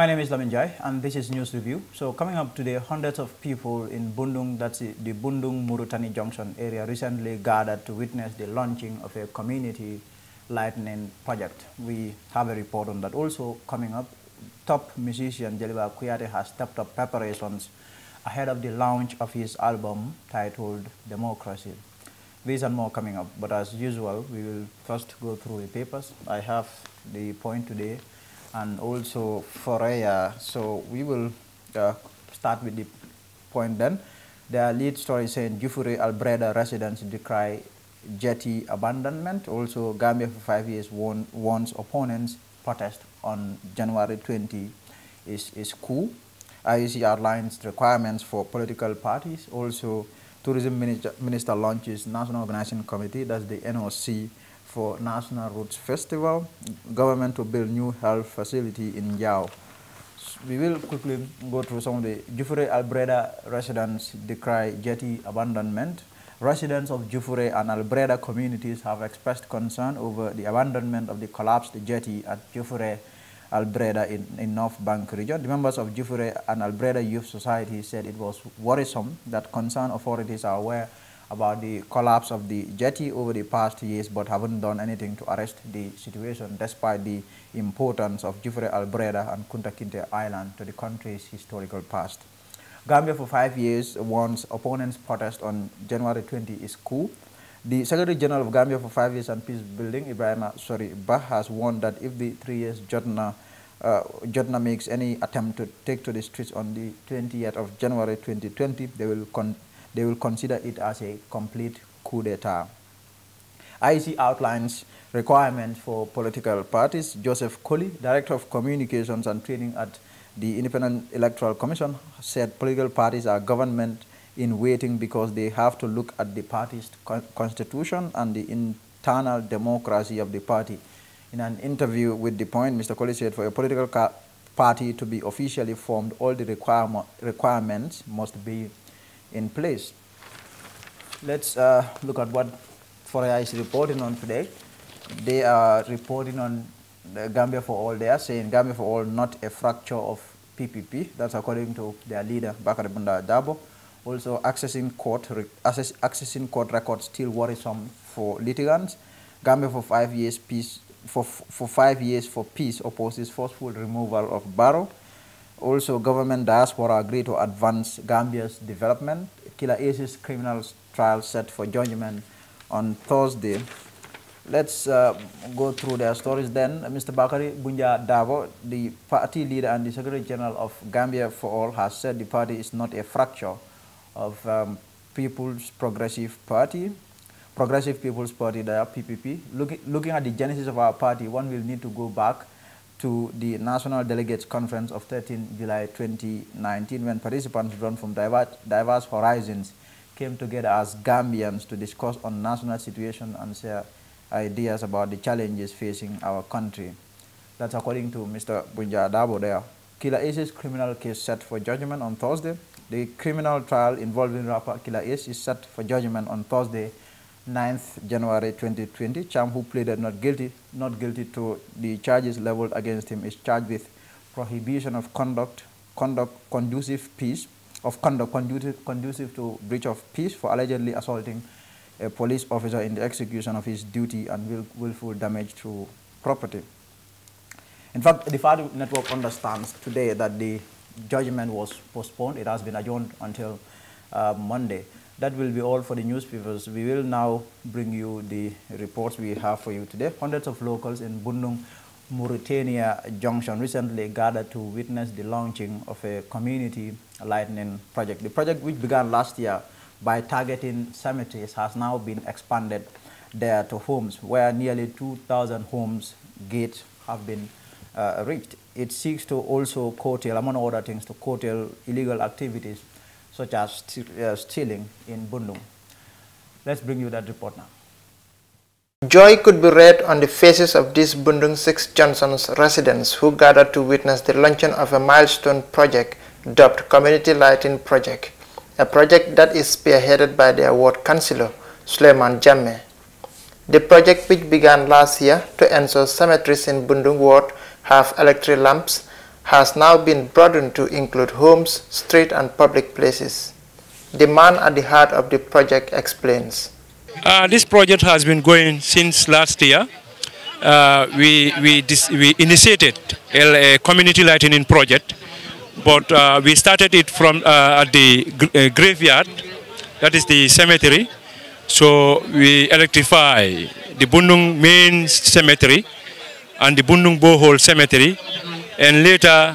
My name is Lamin Jai and this is News Review. So coming up today, hundreds of people in Bundung, that's the Bundung Murutani Junction area, recently gathered to witness the launching of a community lightning project. We have a report on that also coming up. Top musician Jeliba Kuyate has stepped up preparations ahead of the launch of his album titled Democracy. These and more coming up, but as usual, we will first go through the papers. I have the point today and also Fourier. So we will uh, start with the point then. The lead story saying Jufure Albreda residents decry jetty abandonment. Also, Gambia for five years warn, warns opponents protest on January 20 is, is cool. IEC outlines requirements for political parties. Also, Tourism Minister, Minister launches National Organizing Committee, that's the NOC, for National Roots Festival, government to build new health facility in Yao. We will quickly go through some of the Jufure Albreda residents decry jetty abandonment. Residents of Jufure and Albreda communities have expressed concern over the abandonment of the collapsed jetty at Jufure Albreda in, in North Bank region. The members of Jufure and Albreda Youth Society said it was worrisome that concerned authorities are aware about the collapse of the jetty over the past years but haven't done anything to arrest the situation despite the importance of Jufre Albreda and Kunta Kinte Island to the country's historical past. Gambia for five years once opponents protest on January 20 is cool. The Secretary General of Gambia for five years and peace building, Ibrahim sorry, Bah has warned that if the three years Jotna uh, Jotna makes any attempt to take to the streets on the 20th of January 2020, they will con they will consider it as a complete coup d'etat. IEC outlines requirements for political parties. Joseph Colley, Director of Communications and Training at the Independent Electoral Commission, said political parties are government in waiting because they have to look at the party's constitution and the internal democracy of the party. In an interview with The Point, Mr. Colley said for a political party to be officially formed, all the requirements must be in place. Let's uh, look at what Foria is reporting on today. They are reporting on Gambia for All. They are saying Gambia for All, not a fracture of PPP. That's according to their leader, Bakari Bunda Dabo. Also, accessing court, access, accessing court records still worrisome for litigants. Gambia for five years peace for, for five years for peace opposes forceful removal of Barrow. Also, government diaspora agreed to advance Gambia's development. Killer Ace's criminal trial set for judgment on Thursday. Let's uh, go through their stories then. Mr. Bakari Bunja Davo, the party leader and the Secretary General of Gambia for All, has said the party is not a fracture of um, People's Progressive Party, Progressive People's Party, the PPP. Look, looking at the genesis of our party, one will need to go back to the National Delegates Conference of 13 July 2019 when participants drawn from diverse, horizons came together as Gambians to discuss on national situation and share ideas about the challenges facing our country. That's according to Mr. Bunja Dabo there. Killer Ace's criminal case set for judgment on Thursday. The criminal trial involving rapper Killer Ace is set for judgment on Thursday 9th January 2020. Cham, who pleaded not guilty, not guilty to the charges leveled against him, is charged with prohibition of conduct, conduct conducive peace, of conduct conducive, conducive to breach of peace for allegedly assaulting a police officer in the execution of his duty and will, willful damage to property. In fact, the Fire network understands today that the judgment was postponed. It has been adjourned until uh, Monday. That will be all for the newspapers. We will now bring you the reports we have for you today. Hundreds of locals in Bundung, Mauritania Junction recently gathered to witness the launching of a community lightning project. The project, which began last year by targeting cemeteries, has now been expanded there to homes, where nearly 2,000 homes gates have been uh, reached. It seeks to also curtail, among other things, to curtail illegal activities such as uh, stealing in Bundung. Let's bring you that report now. Joy could be read on the faces of these Bundung 6 Johnson's residents who gathered to witness the launching of a milestone project dubbed Community Lighting Project, a project that is spearheaded by their ward councillor, Suleiman Jame. The project which began last year to ensure cemeteries in Bundung ward have electric lamps has now been broadened to include homes, street and public places. The man at the heart of the project explains. Uh, this project has been going since last year. Uh, we, we, we initiated a, community lighting project, but uh, we started it from uh, at the uh, graveyard, that is the cemetery. So we electrify the Bundung main cemetery and the Bundung borehole cemetery and later,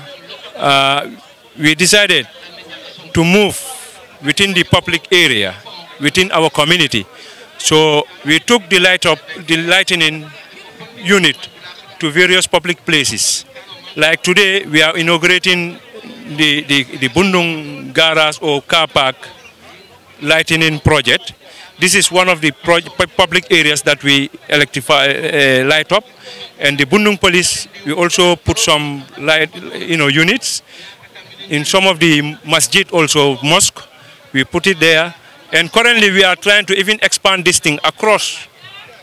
uh, we decided to move within the public area, within our community. So we took the light up, the lightning unit to various public places. Like today, we are inaugurating the, the, the Bundung Garas or Car Park lightning project. This is one of the public areas that we electrify, uh, light up. And the Bundung police, we also put some light, you know, units. In some of the masjid also, mosque, we put it there. And currently we are trying to even expand this thing across,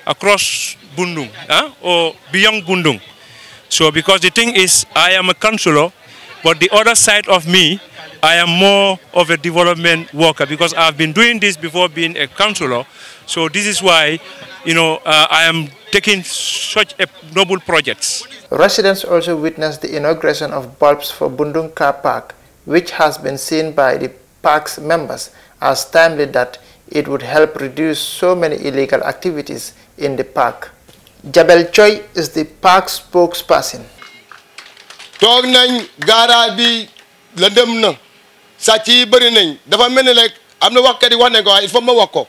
across Bundung, huh? or beyond Bundung. So because the thing is, I am a councillor, but the other side of me I am more of a development worker because I've been doing this before being a councillor. So this is why, you know, uh, I am taking such a noble projects. Residents also witnessed the inauguration of bulbs for Bundung Car Park, which has been seen by the park's members as timely that it would help reduce so many illegal activities in the park. Jabel Choi is the park spokesperson. toog Garabi, gaaraay sàcc yi nañ dafa mel ni rek am na ko ah, il faut ma wax ko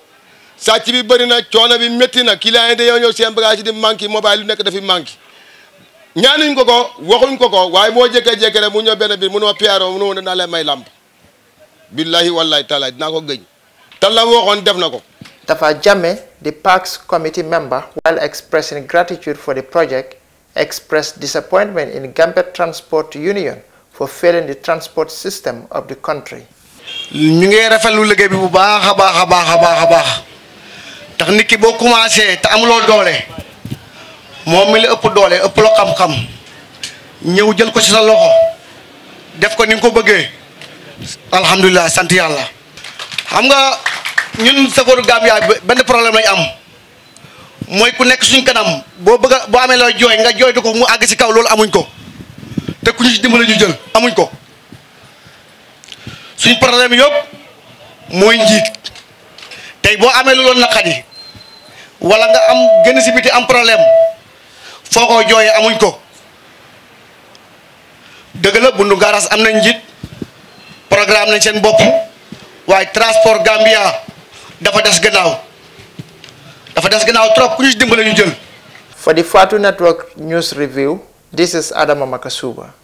bi bëri na coono bi métti na client yi dañoo ñëw bagage di manqué mobile lu nekk dafi manqué ñaanuñ ko ko waxuñ ko ko waaye moo jékkee-jékkee mu ñëw benn biir mënu ma piaro mënu ma dinaa leen may làmp billahi wallahi taala dinaa ko gëñ te la waxoon def na Tafa Jammeh, the park's committee member, while expressing gratitude for the project, expressed disappointment in Gambet Transport Union for failing the transport system of the country. ñu ngi rafetlu liggéey bi bu baaxa baaxa baaxa baaxa baax tax nit ki boo commencé te amuloo doole moom mi la ëpp doole ëpp lo xam-xam ñëw jël ko ci sa loxo def ko ni nga ko bëggee alhamdulilah sant yàlla. xam nga ñun safaru Gambia benn problème lañ am mooy ku nekk suñ kanam boo bëgg boo amee looy jooy nga du ko mu àgg ci kaw loolu amuñ ko te ku ñu ci dimbalé ñu jël amuñ ko suñu problème yop moy njit tay bo amé lu la xadi wala nga am génn biti am problème foko joyé amuñ ko deug la bundu gaaraas am nañ programme nañ seen bop way transport Gambia dafa dess gënaaw dafa dess gënaaw trop ku ñu ci dimbalé ñu jël. For the Fatu Network News Review. This is Adama Makasuba.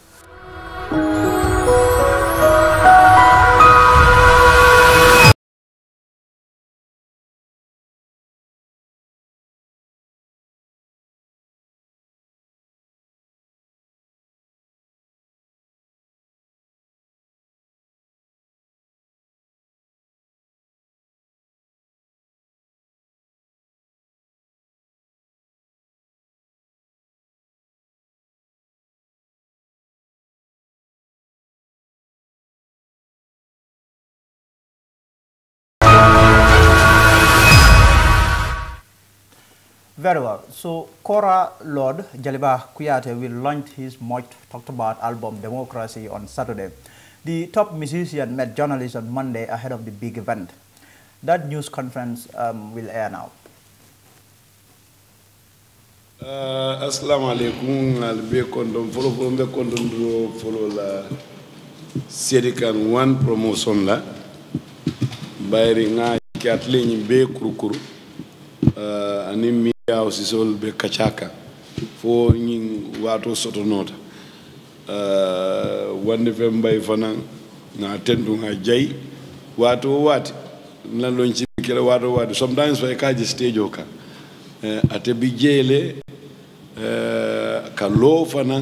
Very well. So Cora Lord Jaliba Kuyate will launch his much talked about album Democracy on Saturday. The top musician met journalists on Monday ahead of the big event. That news conference um, will air now. Uh, assalamu alaikum albe kondom folo folo follow kondom do folo la sedikan one promotion la bayri nga katleñ be kurukuru uh, ani yaw sol be kacaka fo ñin wato nota euh wande fe mbay fana na tendu nga jay wato wati nan lon ci kele wato wati sometimes fay kaji stage eh, eh, ka uh, ate bi jele euh ka lo fana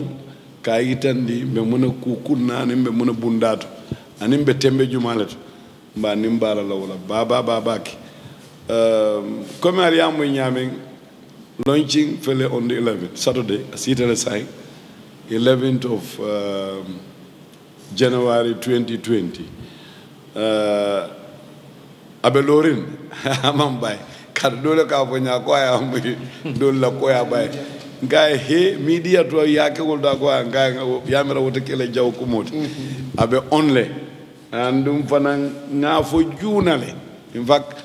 ka yitandi be ku kukunna ne be muna bundatu anim be tembe jumalato mba nimbala lawla baba babaki euh comme ari amu nyamen launching Fele on the 11th, Saturday, as it is signed, 11th of um, January 2020. Uh, abelorin amam bay kar dole ka Kwaya, ko ya la he media to a Yaka will go and guy Yamara would kill a Jokumot. ko mot mm-hmm. abe onle andum fanan nga fo junale in fact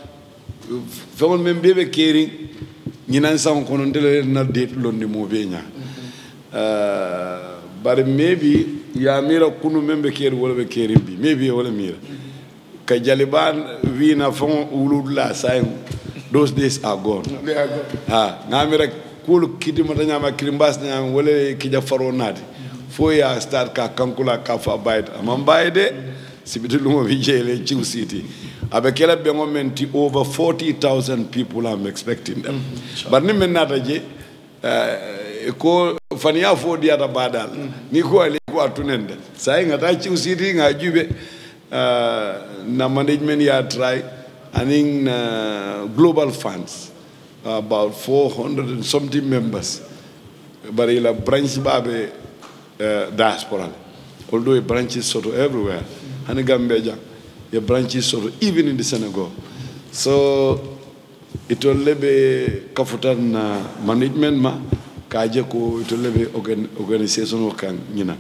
fewon men be caring ñinan san kono ndele na det londi mo beña mhm. uh, bare maybe ya mira kunu membe keri wala be keri bi maybe wala mira mhm. ka jaliban wi na fon ulul la say those days are gone ha na mira kulu kidima tanya ma kirimbas tanya wala kija faro nadi mhm. fo ya start ka kankula ka fa bayde amam bayde sibitu lumo wi jele ciw siti abe kela bengo menti over 40,000 people I'm expecting them. Mm-hmm. But ni menata je eh, ko fania fo di ata badal mm-hmm. ni ko ali ko atunende sai ngata ci usiti ngajube eh, na management ya try aning na global funds about 400 and something members bari la branch babe eh, diaspora although branches sort of everywhere hani mm-hmm. gambeja your branches or even in the Senegal. So be kafutan na management ma kaje ko be organization kan nyina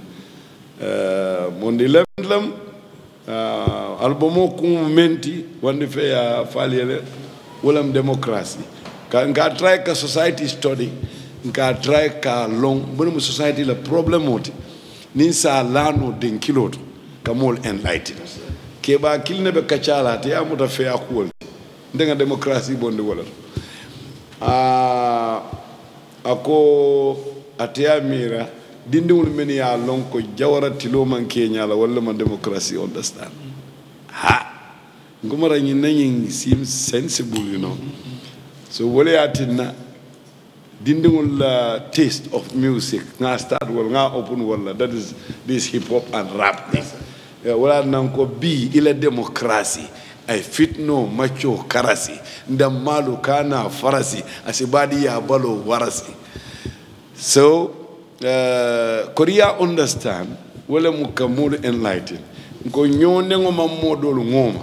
uh, mondi lemlam uh, albumo kum menti wande fe ya falele wolam democracy ka nga try ka society study nga try ka long bunu society la problem oti ninsa lano den kiloto kamol enlightened keɓa kilneɓe kaccalate yamuta feya kuwolde ndenga démocratie bonde wolata a ako ateya mira dindiwol men ya lon ko jawara tiloman keñala walla ma démocratie on ɗastan ha gomara ñi nañin sim sensible you know so wala tinna dindiŋol la uh, taste of music nga start wol nga open walla that is this hip hop and rap thing Eh, wala ko bi ila demokrasi ay eh, fitno macho karasi ndam malu kana farasi asibadi ya balo warasi so uh, korea understand wala kamul enlighten ko nyone ngoma modol ngoma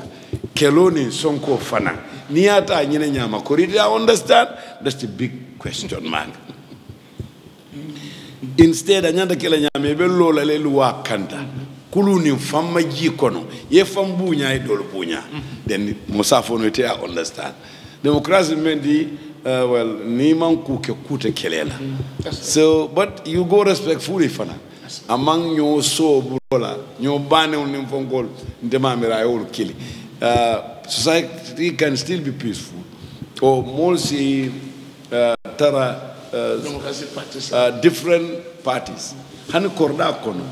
keloni sonko fana niata nyine nyama korea understand that's the big question man instead anyanda kila nyama be lola le luwa kanta kulunin famma ji kono ye fam buña e dol buña den musa fono te a understand democracy men di uh, well ni man ku ke kute kelela mm-hmm. so but you go respectfully fana among ño sobu la ño banew nim fongol e yol kili uh, society can still be peaceful or more see uh, tara uh, uh, different parties hani korda kono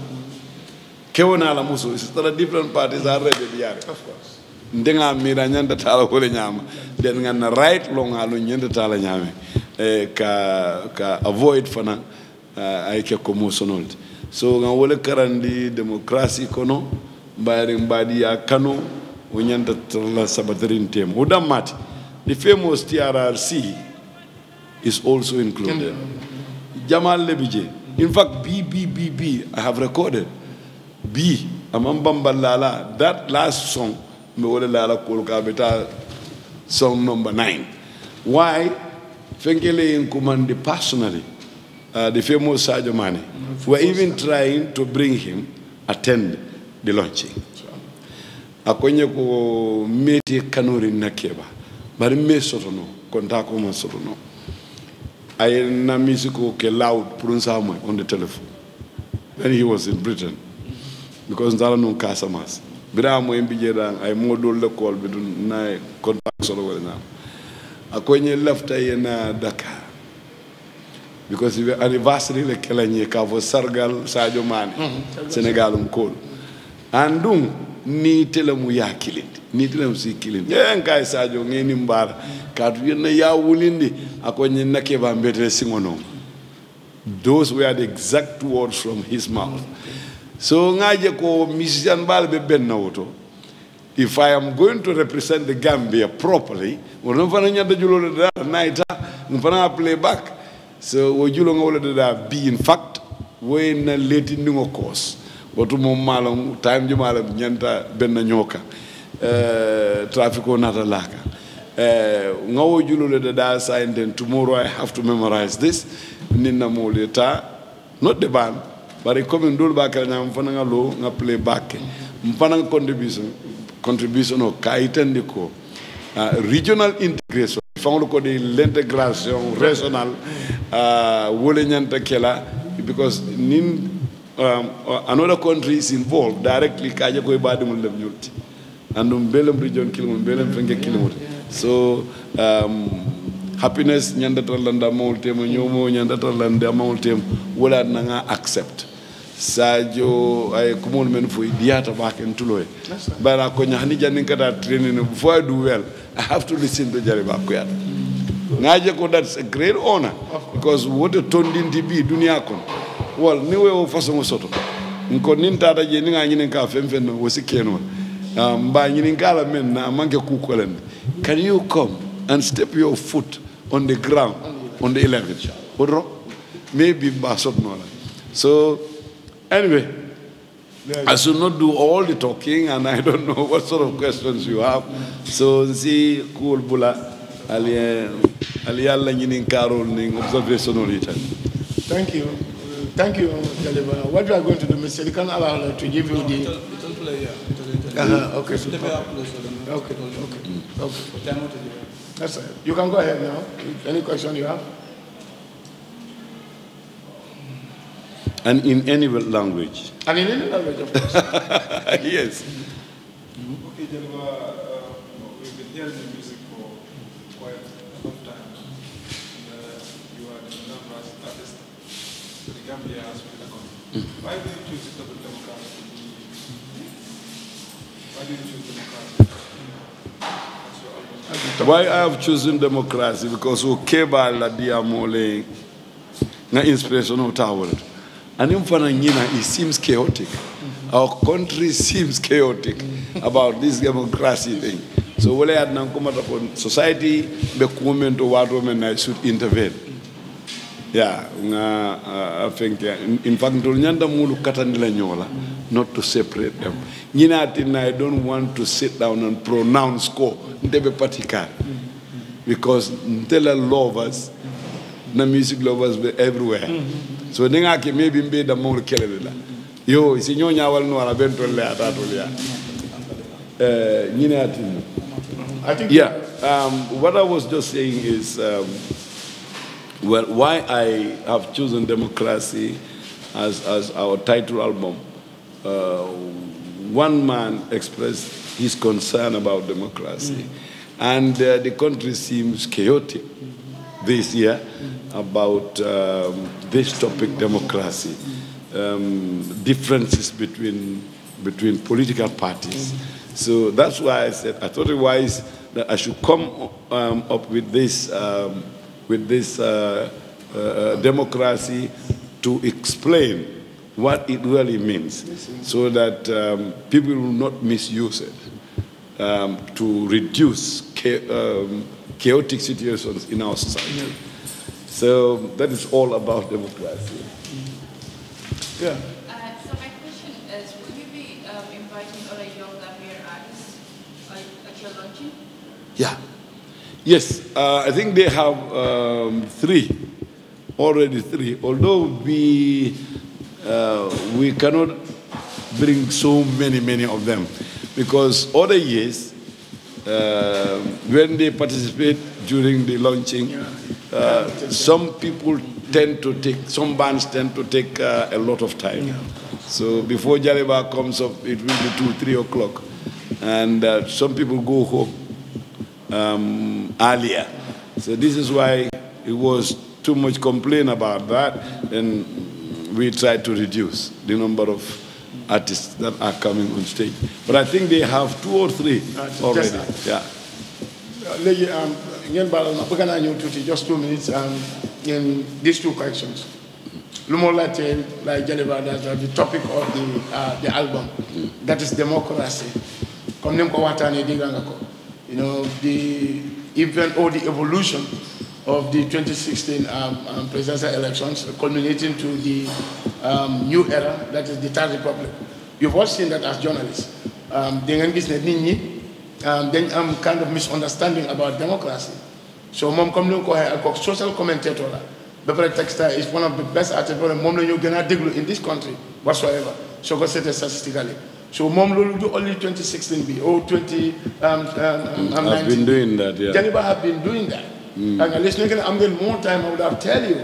kewona la muso so tara different parties are ready course ndenga mira nyanda tala kole nyama den ngana right long alu nyanda tala nyame eh, ka ka avoid fana uh, eh, ayke ko muso so nga wole karandi democracy kono mbayri mbadi ya kano o nyanda tala sabatirin tem o damati the famous TRRC is also included Jamal Lebije in fact BBBB I have recorded bii amam man bamba laala that last song mbe wole laala ko ka beta song number 9 why fengele in kumandi personally uh, the famous sajo Mane we even trying to bring him attend the launching akonye ko meti kanori nakeba bari me sotono konta ko soto sotono ay na music ko ke loud mo on the telephone when he was in britain because ndara non casamance bira mo en bije dan ay modol le kol be dun na contact solo wala na akoy lafta yena dakar because ibe anniversary le kelanye ka fo sargal sadio mane mm -hmm. senegal um kol andum ni tele mu ya kilindi ni tele mu si kilindi en kay sadio ngeni mbar ka tu yena ya wulindi akoy nake ba mbetre singono those were the exact words from his mouth mm -hmm. So ko Ngajeko, Mrs. ben nawoto if I am going to represent the Gambia properly, fana play back. So Wojulong be in fact, when letting no course. What malam time jumalam nyanta benna nyoka eh, traffic on laka. Eh, Ngawo julo le da sign then tomorrow I have to memorize this. Ninna mo not the ban bari commune ndul b'a kɛra ɲa n fana lo n play back kɛ n contribution contribution o ka itandi ko uh, regional integration fangol ko de l'intégration régionale uh, wole ñanta kela because nin um, ah, another country is involved directly kaje koy e baɗimol lem ñulti andum belam region kilimol belam fenke kilimol so um, happiness ñandatal lande amawol tema ñomo ñandatal lande amawol tema na nga accept sajo ay kumol men fo diata back en tuloy bara ko nyahni jannin kada trainer no fo du wel i have to listen to jare ba ko yata ngaje ko that's a great honor because what a tondin di bi dunia ko wal ni we o mo soto ko nin tata je ni ngani nin ka fem fem no wosi keno ah, mba nyinin kala men na manke ku len can you come and step your foot on the ground on the 11th odro maybe ba sot no la so Anyway, I should not do all the talking, and I don't know what sort of questions you have. So, see, cool bula, Thank you. Thank you, What you are going to do, Mr. can allow to give you the... Uh-huh, uh, okay. So, okay. Okay. Okay. Mm. Okay. That's it. You can go ahead now. Any question you have? And in any language. And in any language, of course. yes. Okay, Jelva, uh, uh, we've been hearing the music for quite a long time. And, uh, you are the artist the Gambia as well. Mm. Why do you choose the democracy? Why do you choose democracy? Why I have chosen democracy? Because o keba la dia mole na inspiration of tawad. And even for it seems chaotic. Mm -hmm. Our country seems chaotic mm -hmm. about this democracy thing. So wale at nankumata for society, the government to what women I should intervene. Yeah, I think, in fact, nyanda mulu katanila nyola, not to separate them. Nina atina, I don't want to sit down and pronounce ko, ndebe patika. Because ntela lovers, na music lovers were everywhere. Mm -hmm so ni ngaki mebi mbe da mawru kelele la yo si ñoo ñawal no wala ben tol la tol ya eh ñine atin i think yeah um what i was just saying is um well why i have chosen democracy as as our title album uh, one man expressed his concern about democracy mm. and uh, the country seems chaotic this year about um, this topic, democracy, um, differences between, between political parties. So that's why I said I thought it wise that I should come um, up with this, um, with this uh, uh, uh, democracy to explain what it really means so that um, people will not misuse it um, to reduce cha chaotic situations in our society. So that is all about democracy. Yeah. Uh, so my question is, will you be um, inviting all young Gambian artists at your luncheon? Yeah. Yes, uh, I think they have um, three, already three. Although we uh, we cannot bring so many, many of them, because other years uh, when they participate during the launching, uh, some people tend to take, some bands tend to take uh, a lot of time. So before Jaleba comes up, it will be 2, 3 o'clock. And uh, some people go home um, earlier. So this is why it was too much complaint about that, and we tried to reduce the number of artists that are coming on ah, uh, um, bëgg naa ñëw tuuti just two um, lu moo laajte laay Jaliba daal the topic of uh, the album. that is democracy. comme ni mu ko waxtaanee the event or the evolution. of the 2016 um, um, presidential elections, culminating to the um, new era, that is the Third Republic. You've all seen that as journalists. Um, um then I'm kind of misunderstanding about democracy. So mom comme ñu ko waxe social commentator Beverly ba is one of the best articles mom lañu gëna déglu in this country whatsoever so ko c'était statistically so mom lolu do only 2016 be all 20 um, um, um, I've um, been doing that yeah Janiba have been doing that And listening, I'm going more time, I would have tell you.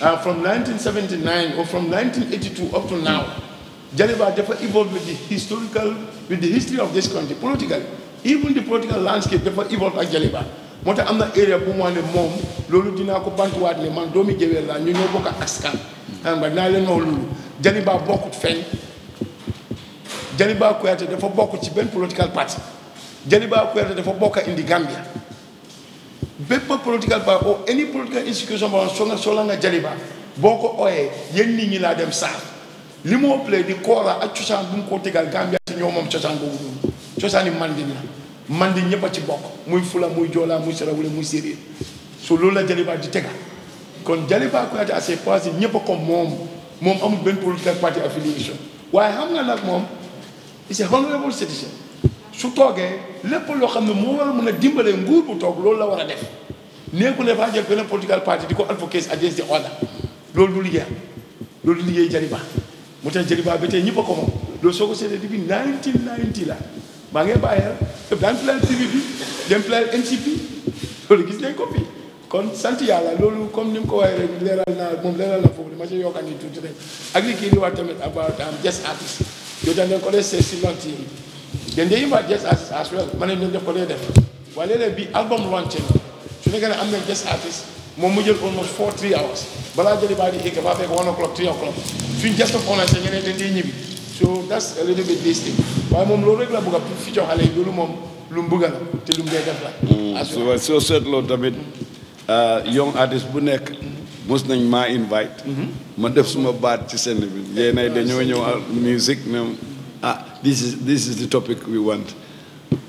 Uh, from 1979 or from 1982 to now, Geneva differ evolved with the historical, with the history am na bu ma loolu dinaa ko bantuwaat ne man doomi Géwél bokk ak askan. xam ah, nga naa leen wax loolu Jaliba bokkut fenn Jaliba Kuyateh dafa bokk ci benn political party Jaliba Kuyateh dafa bokk indi Gambia. bépp political party or any political institution boo xam ne soo la nga Jaliba boo ko ooyee yéen nit ñi laa dem saar li moo play di kooraa ak cosaan bu mu ko tegal Gambia si ñoo moom cosaan boobu noonu cosaan yi mandin la mandin ñëpp ci bokk muy fula muy joolaa muy sarawule muy séeréer su loolu la Jaliba di tegal kon Jaliba Kuyateh as a party ñëpp a ko moom moom amul benn political party affiliation waaye xam nga nag moom it's a honorable citizen su toogee lépp loo xam ne moo war a mën a dimbale nguur bu toog loolu la war a def nekkul ne faa jël beneen political party di ko advocate against the order loolu du liggéeyam loolu du liggéey Jariba mu tax Jariba ba tey ñëpp a ko moom loolu soo ko seetee depuis 1990 la maa ngi bàyyi la daan plaire civil bi dem plaire NCP loolu gis nañ ko fi kon sant yàlla loolu comme ni mu ko waxee rek leeral naa moom leeral na foofu dama ci yokkaat ni tuuti rek ak li kii di wax tamit about am um, just artist yow then they invite guest artists as well ma ne ñoom na guest artist moom mu jël almost four three hours baa di egg ba fekk one o'clock three o'clock suñ guest of honor sax dee ñibbi so that's a little bit this waaye moom loolu rek la a fi jox xale yi loolu moom lu mu bëgg la te lu mu dee def la. as mm, seetloo tamit uh, young artist bu nekk. mos nañ maa invite. Mm-hmm. ma def suma baat ci seen bi. yéenay dañoo ñëw musique même. ah this is this is the topic we want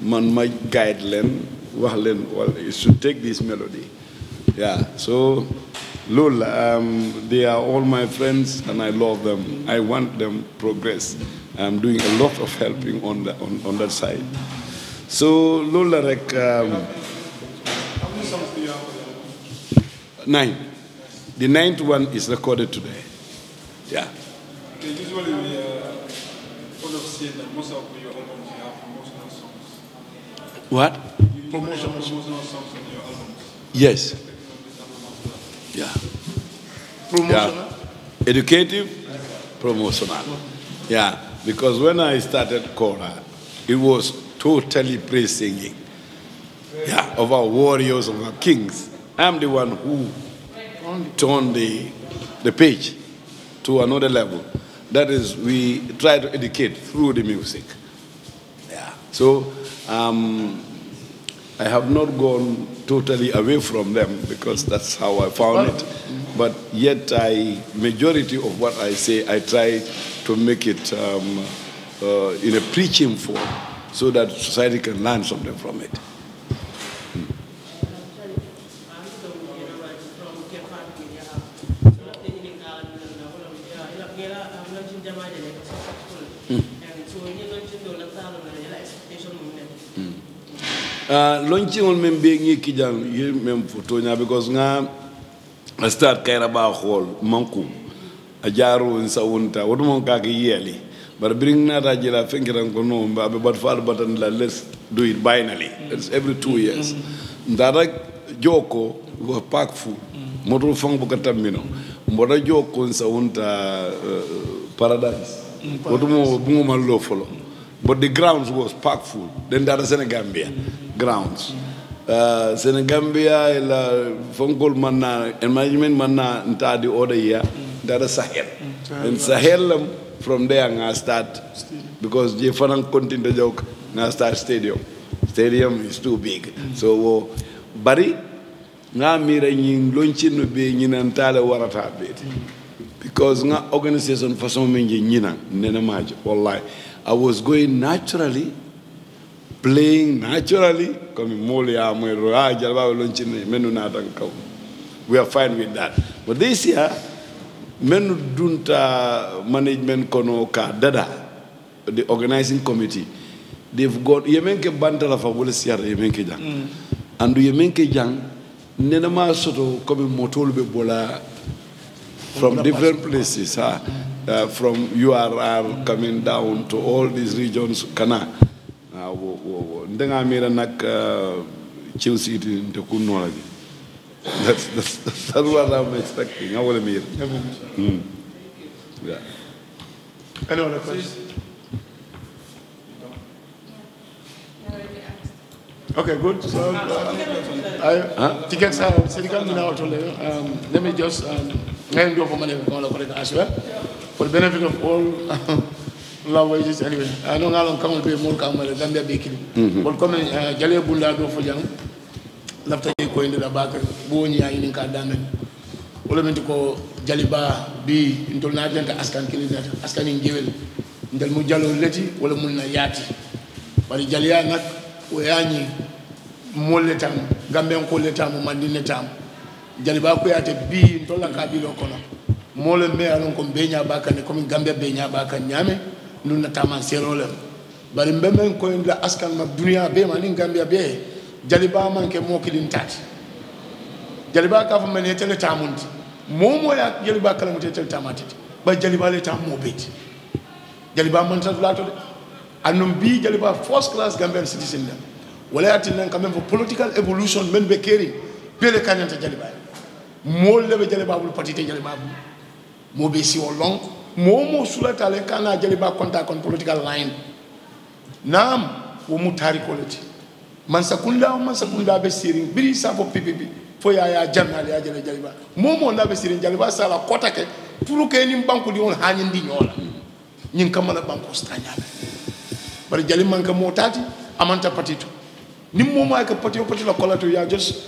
man my guideline, leen wax leen wala you should take this melody yeah so loolu la um, they are all my friends and I love them I want them progress I'm doing a lot of helping on that on, on that side so loolu la rek um, nine the ninth one is recorded today yeah that most of your albums you have promotional songs. What? You promotional songs on your albums. Yes. Yeah. Promotional? Yeah. Educative, promotional. Yeah, because when I started Kora, it was totally praise singing. Yeah, of our warriors, of our kings. I'm the one who turned the, the page to another level. That is, we try to educate through the music. Yeah. So um, I have not gone totally away from them because that's how I found it. But yet, I majority of what I say, I try to make it um, uh, in a preaching form so that society can learn something from it. Uh, on mem be ngi kijan ye mem photo nya because nga start kayra ba hol manku a jaru en sawunta wadu mon ka ki yeli bar bring na ta jira fenkiran ko no ba be bat fal batan la let's do it finally it's every two years ndara joko wa pack fu mm. moto fang bu tamino mboda joko en sawunta uh, paradise wadu mo bu mo lo folo but the grounds was packed full then that is in Gambia mm. grounds. Uh, Senegambia, la Fonkol Manna, management Manna, and di order ya, that is Sahel. Mm. And Sahel, um, from there, I start, because Jefanang continue the joke, nga start stadium. Stadium is too big. Mm. So, Bari, nga mira ñi lonchinu be ñi nan tala warata be mm. because nga organization façon mi ñi nena maji wallahi i was going naturally playing naturally komi mole ya mwero ajal ba lonchine menu na tan kaw we are fine with that but this year menu dunta uh, management kono ka dada the organizing committee they've got yemenke bantala fa wala siyar yemenke jang mm. andu yemenke jang nena ma soto komi motol be bola from different places ha mm. uh, from URR coming down to all these regions kana 아, 뭐, 뭐, 뭐. 내가 아미라 낙 지우시 데 군노라기. That's that's that's what I'm expecting. Hmm. Uh, I will meet. Yeah. Any other questions? Okay, now to um, Let me just um, hand over money as well for the benefit of all. la way je sali ano ngalon kamol be mol kamol gambia be kili bol comme jale bunda do fo jang lafta je ko ininka damen bo nyaa ni ko jaliba bi ndol na jenta askan kili askan ni gewel ndel mu jalo leti wala mun na yati bari jaliya nak o yaani molle tam gamben mandine tam jaliba ko yate bi ndol ka bi lo kono mole me alon ko be nyaa baka ne comme gambia be nyaa baka nyaame nun na taamaseeroo lem bari n be meŋ koyindila askan ma duniyaa bee ma niŋ gambiya bee jalibaa maŋ ke moo kiliŋ taati jalibaa ka a fo ma ne ite le taamunti moo moo ye jalibaa kalamuta ite le taamatiti bari jalibaa le taa moo beeti jalibaa manta dulaato de anum bii jalibaa first class gambian citizen le wala ye a tinnaŋ ka meŋ fo political evolution meŋ be keeriŋ bee le kañanta jalibaa ye moolu le be jalibaa bulu patite jalibaa bulu moo be siwo loŋ momo sulatale kana jali ba konta kon political line nam wo mu tari koloti man sakunda man sa sakunda be sirin biri safo pipipi fo ya ya jamnal ya jale jali ba momo na be sirin jali ba sala kota ke pour ke ni banku di on hanin di nyola nyin kamala banku stanya bari jali man ka motati amanta patito ni momo ay ka patio patio la kolato ya just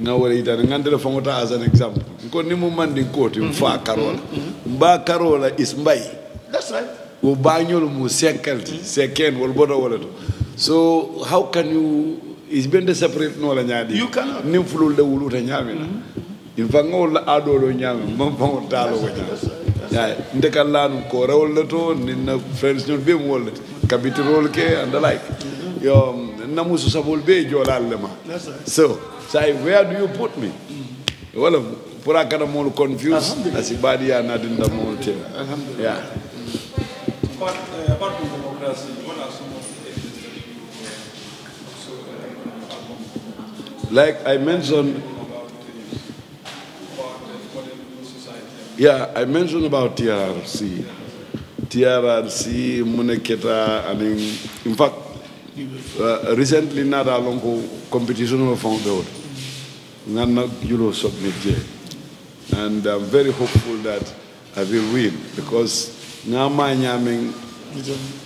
ita ngande la fongota as an example nkoni mumandi nkoti mhm. mfa karola mhm. mhm. mba karola is mbay that's right wo bañol mu sekkalti sekken wol boto wolato to so how can you is the separate no la nyaadi you cannot nim fulul de wuluta nyaamina il fa ngol la adolo nyaami mam fa ngol talo wata yaay ndekal laanu ko rewol la to ninna friends ñu be mo wolati kabiti ke and the like yo um, namusu so say where do you put me Well, pura kana mo confuse asibadi ya nadinda mo te yeah apart, uh, apart from democracy what are some of the issues that you so, uh, like i mentioned Yeah, I mentioned about TRC. TRC, Muneketa, I mean, in fact, uh, recently naɗalon ko competition o fawde oto ganna julo soɓne jee and i'm very hopeful that i will win because ngama ñamin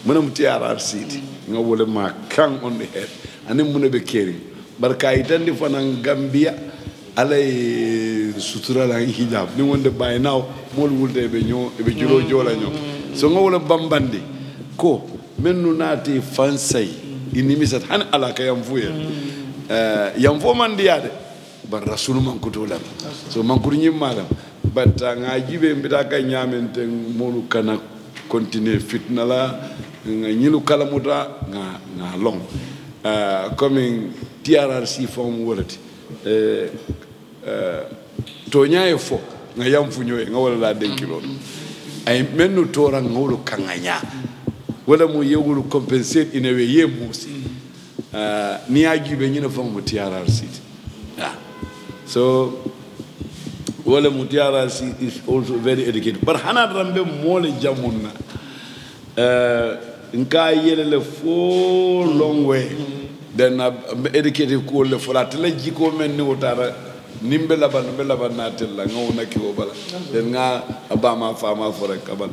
munam trr city nga wole ma kan on the head ani mune ɓe keeri bar ka yitandi fanan gambiya alay suturalan hijab ni wonde ɓay naw mool wulde eɓe ño eɓe julo mm. joola ño so nga wole bambandi ko min nu naati fansay inimisat hani ala ka yanfu ye yanfo eh, man diya de bar rasulu mankuto lam so mankuto ñimma lam bat uh, nga jibe mbita ka ñamente molu kana continue fitna la nga ñilu kalamuta nga nga long eh, comme TRRC fom wolati eh, to ñaye fo nga yamfuñoye nga wala la denki loolu mm-hmm. ay mennu toora nga wolu kanga ñaa wala mu yewuru compenser ina we ye musi uh, ah, ni aji be nyina fa mu TRRC yeah. so wala mu TRRC is also very educated but hana rambe mole jamunna uh, ah, nka yelele fo long way then educative ko le fo atla jiko men ni wotara nimbe laban be laban natilla ngawna nakki wo bala then nga abama fama fo rek abal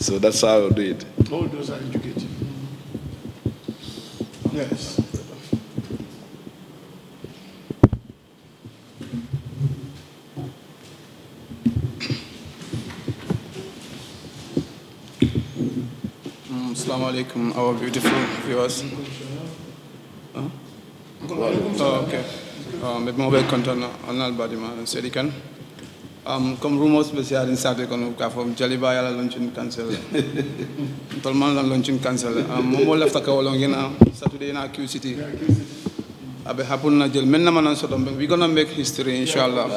so that's how I do it All those are educated. Yes. Mm, Assalamu alaikum, our beautiful viewers. Huh? Oh, okay. Uh, mais bon, on content, on a le bas du mal, c'est comme rumors ɓe siyarin sate kono ka fo jaliba yala loncin cancel tolman lan loncin cancel momo lefta kawolongina saturday na q city aɓe hapunna jel min namanan soɗon ɓe wi gonna make history inchallah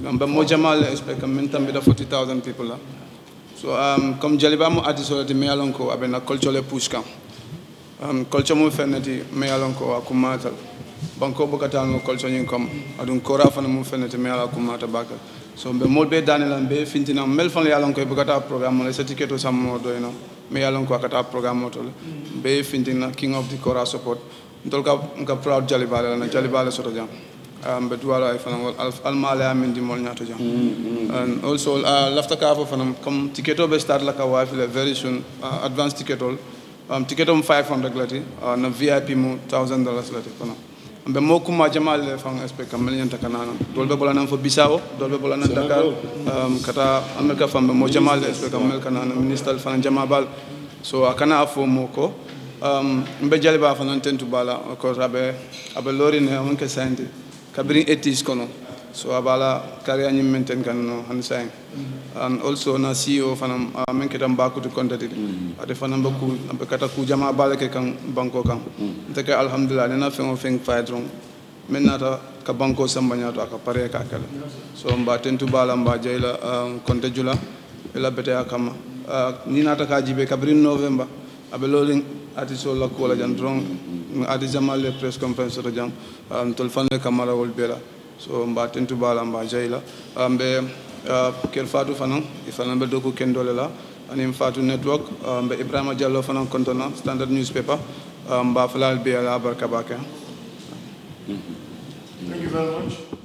ɓe mo jamale expect kam min tan mbiɗa 40 000 people la so um, comme jaliba mo addisolete mi yalon ko aɓe na culture le push kam um, culture mum fenneti mi yalon ko a kummatal banko ɓokatalno culture ñin comme aɗum kora fana mum fenneti mi yala kummata bakal so mbe moolu be daane la mbe fintina mel fan le ye ko i bukata programme la seti keto sammoo doyi no me ye a ko a programme to le fintina king of the cora support ntolu ka nka proud jalibaale la na jalibaale soto jam mbe duwalo ay fana alma la ya min dimol ñaato jam mm, mm. also lafta kaa fo fana comme tiketo be start la ka waafi le very soon advance all um, tiketom 500 lati uh, na vip mo 1000 dollars lati kono mbe mo kuma jamal eh, fang aspect kam men yanta kanana dolbe nan fo bisao dolbe bolana dakar um, kata amerika fam mo jamal aspect eh, kam mel kanana minister fan jama bal so akana afo moko um, mbe jale ba fanan tentu bala ko rabe abe lori ne on eh, ke sandi kabri etis kono so abala kari anyim menten kan no hansang mhm. and also na CEO fanam uh, ah, men ketam baku to contact it mhm. ade fanam baku ambe kata ku jama bala ke kan banko kan alhamdullah alhamdulillah na fe on feng fight wrong men nata ka banko sambanya to ka pare ka kala so mba tentu bala mba jayla um, ah, konte jula ila bete akama ah, ni nata ka jibe brin november abe lolin ati so la ko la jan mhm. ati jamal le press conference to jam tol fan le kamara wol bela so mba tentubala mba jeyla ah, mbe ah, kel fatou fanan i fanan ɓe dogu ken dole la anim fatou network ah, mbe ibrahima diallo fanan contona standard newspaper mba falal biyala barka bake mm-hmm. Thank you very much.